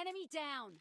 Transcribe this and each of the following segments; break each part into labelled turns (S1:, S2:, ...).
S1: Enemy down!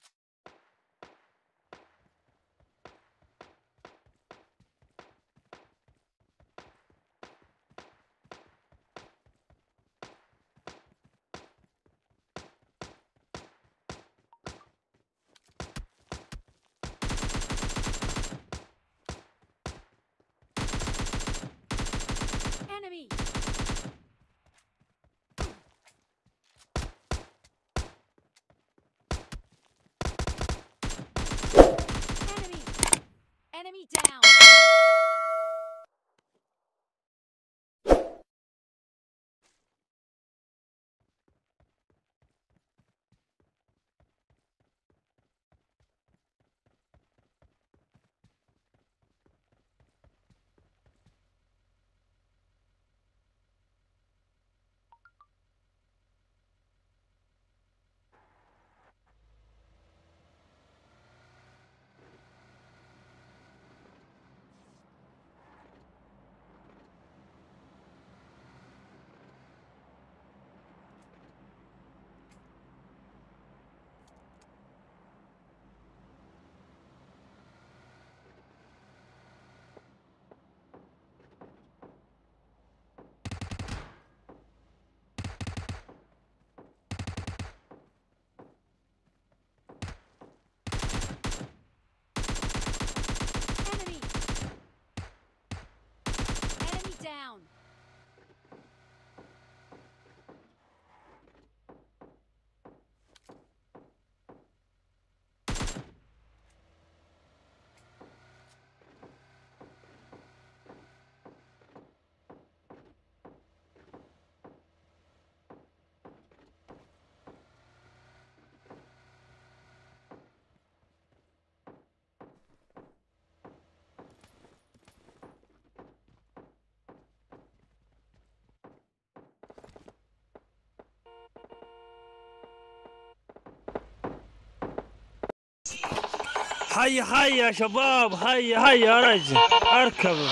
S2: حي حي يا شباب حي حي يا رجل اركبوا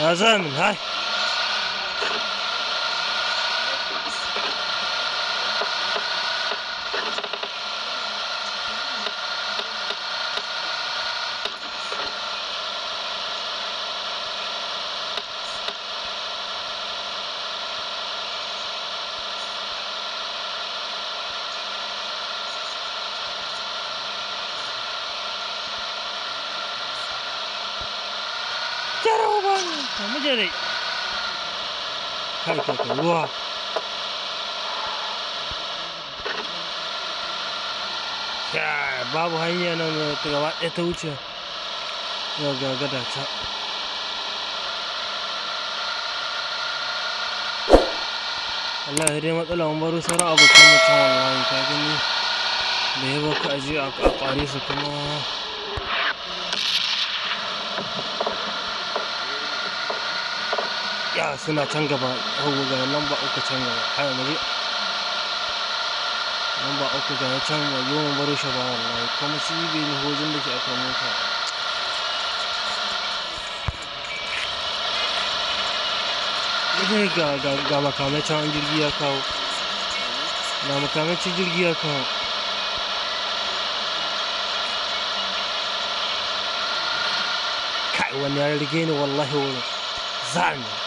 S2: يا زلمه هاي Cara bang. Kamu jadi. Kau tak keluar. Ya, bab hanya nama terawat itu saja. Ya, gak ada cak. Allah hari mat Allah baru sara abu kamu cakap lagi kali ni. Dewa kaji aku aku hari sekarang. suna can gaba hagu ga lamba uku can gaba haya muri lamba uku ga can wa yawan baro shi ba wallahi kuma shi bai ni hojin da ke akan mota ga ga ga makamacin jirgi ya kawo ga makamacin jirgi ya kawo kai wani ya rige ni wallahi wurin zani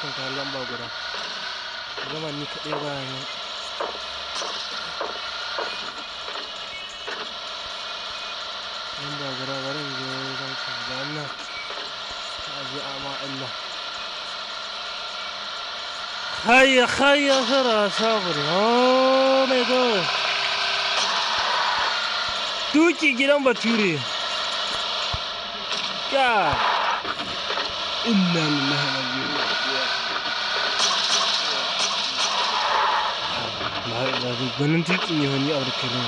S2: kan kayan lamba guda zama ni kaɗai ba ne je ka ta Allah gwanin tukin yahoni a warkarin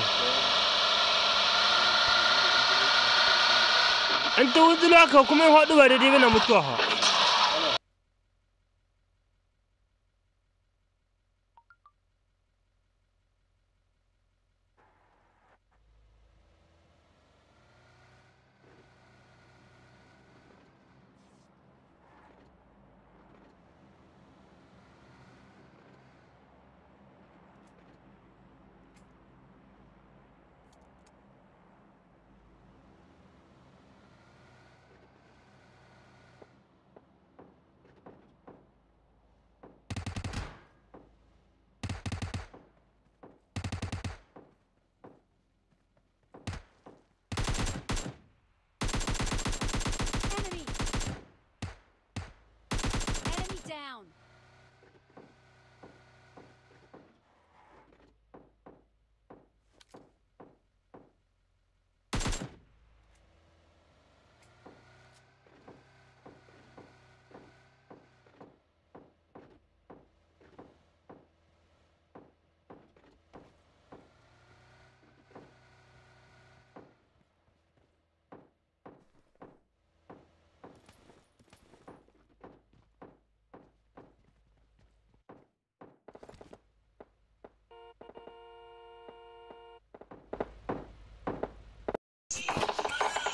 S2: an ta wuzula ka kuma ya haɗu ba daidai bana mutuwa ha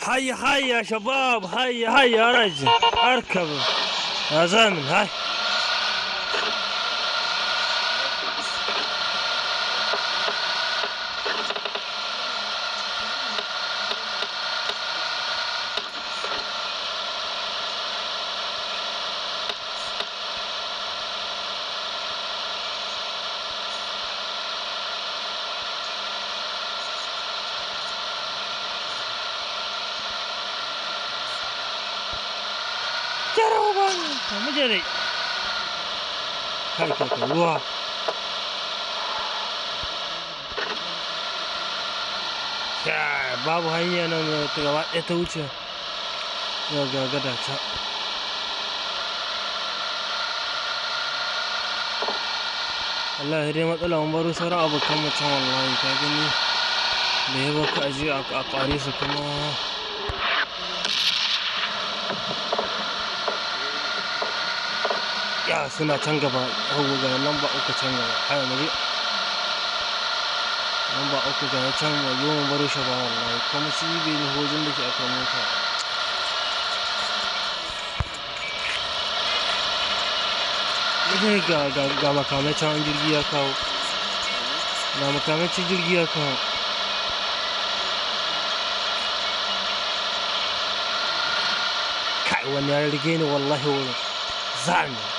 S2: حي حي يا شباب حي حي يا رجل اركبوا يا زلمه هاي luôn 너무 잘해 가위 가위 우와 자 바보 하이야 너는 내가 왔다 우쳐 여기 가다 자 Allah dai matsala mun baro sauran abokan mutum wallahi ka gani da ya baka aji a kware su kuma a suna can gaba hagu ga lamba uku can gaba haya muri lamba uku ga can wa yi mun baro shi ba wallahi kuma shi bai ni hojin da ke akwai mota ga ga ga makamacin jirgi ya kawo na makamacin jirgi ya kawo kai wani ya rige ni wallahi wurin zani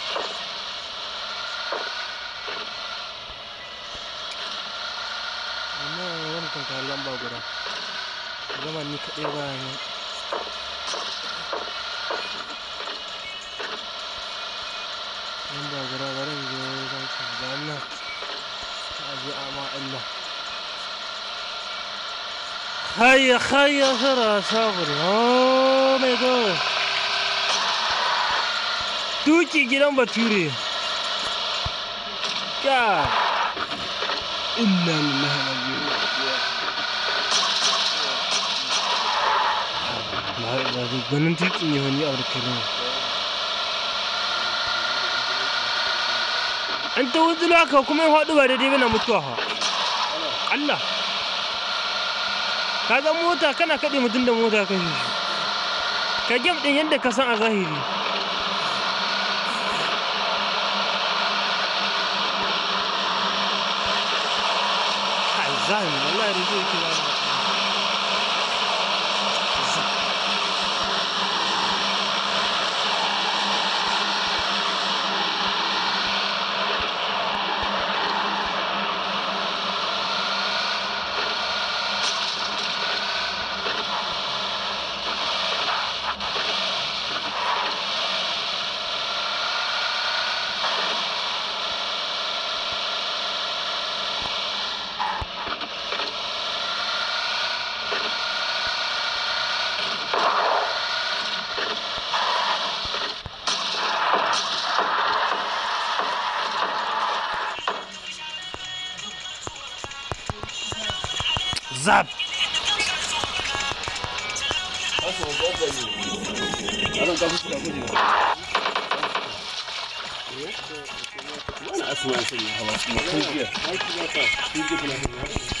S2: ɗaukan kayan lamba guda ni kaɗai ba ne lamba guda je ka a ma Allah oh duki gidan bature ya inna lillahi gwanin wani abu da barkano an ta wuzula haka kuma yin haɗu ba daidai bana mutuwa ha Allah ka zan mota kana kaɗe mutum da mota ka shi ka gem ɗin yadda ka san a zahiri zahiri wallahi da Mana asma sun yi hawa, mutum jiya, aiki ya sa, sun ji kuna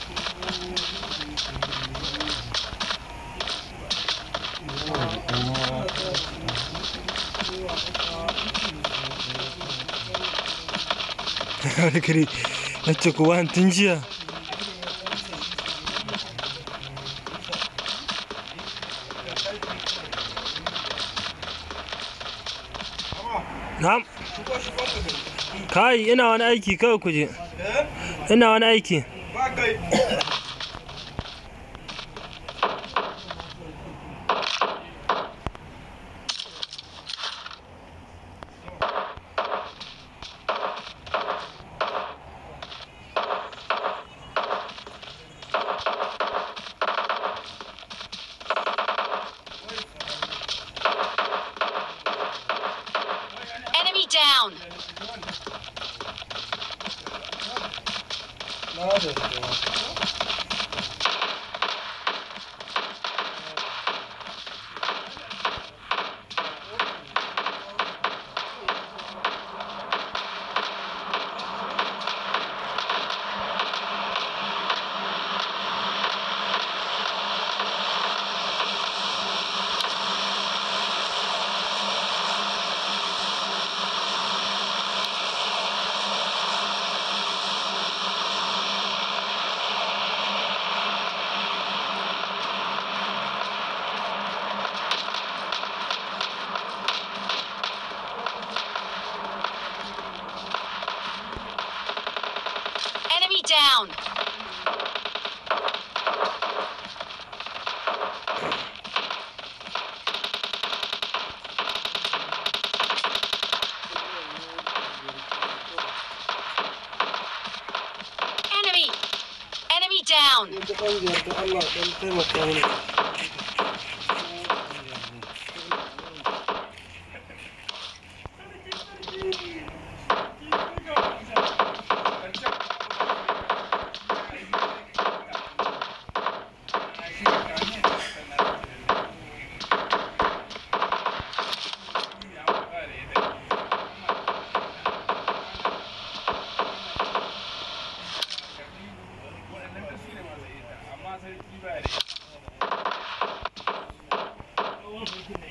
S2: kare wani tun jiya kai ina wani aiki kawai kuje eh? ina wani aiki Good luck, Dominic. Thank you.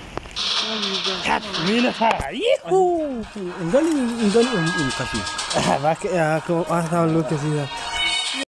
S2: ¡Mira, ¡Hijo! ¡Un gol y un gol
S1: ¡Ah,